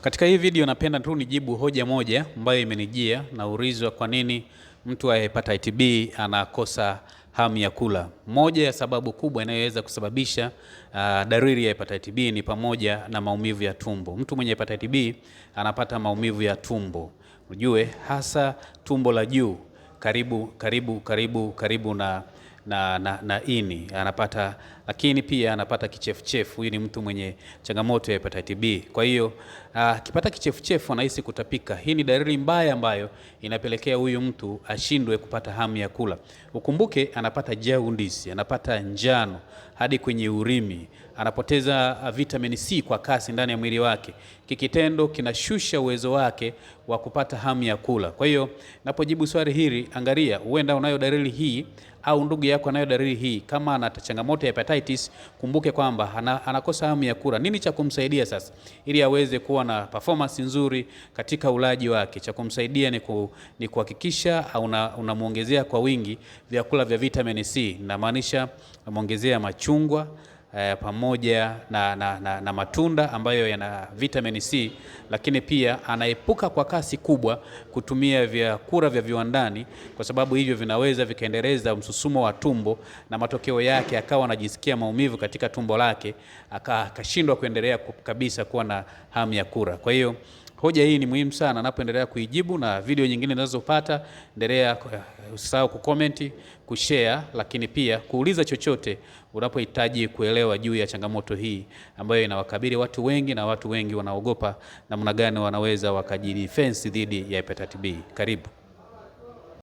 Katika hii video napenda tu nijibu hoja moja ambayo imenijia na urizwa kwa nini mtu wa hepatitis B anakosa hamu ya kula. Moja ya sababu kubwa inayoweza kusababisha uh, dalili ya hepatitis B ni pamoja na maumivu ya tumbo. Mtu mwenye hepatitis B anapata maumivu ya tumbo. Ujue hasa tumbo la juu karibu karibu karibu karibu na na, na, na ini anapata lakini pia anapata kichefuchefu. Huyu ni mtu mwenye changamoto ya hepatitis B. Kwa hiyo ah, akipata kichefuchefu anahisi kutapika. Hii ni dalili mbaya ambayo inapelekea huyu mtu ashindwe kupata hamu ya kula. Ukumbuke anapata jaundisi, anapata njano hadi kwenye urimi, anapoteza ah, vitamini C kwa kasi ndani ya mwili wake. Kikitendo kinashusha uwezo wake wa kupata hamu ya kula. Kwa hiyo napojibu swali hili, angalia, huenda unayo dalili hii au ndugu yako anayo dalili hii. Kama ana changamoto ya appendicitis, kumbuke kwamba anakosa hamu ya kula. Nini cha kumsaidia sasa ili aweze kuwa na performance nzuri katika ulaji wake? Cha kumsaidia ni, ku, ni kuhakikisha unamwongezea una kwa wingi vyakula vya vitamin C, namaanisha namwongezea machungwa eh, pamoja na, na, na, na matunda ambayo yana vitamin C, lakini pia anaepuka kwa kasi kubwa kutumia vyakula vya viwandani, kwa sababu hivyo vinaweza vikaendeleza msusumo wa tumbo na matokeo yake akawa anajisikia maumivu katika tumbo lake, akashindwa kuendelea kabisa kuwa na hamu ya kula. Kwa hiyo Hoja hii ni muhimu sana anapoendelea kuijibu, na video nyingine ninazopata endelea, eh, usisahau kucomment, kushare, lakini pia kuuliza chochote unapohitaji kuelewa juu ya changamoto hii ambayo inawakabili watu wengi, na watu wengi wanaogopa namna gani wanaweza wakajidefense dhidi ya hepatitis B. Karibu.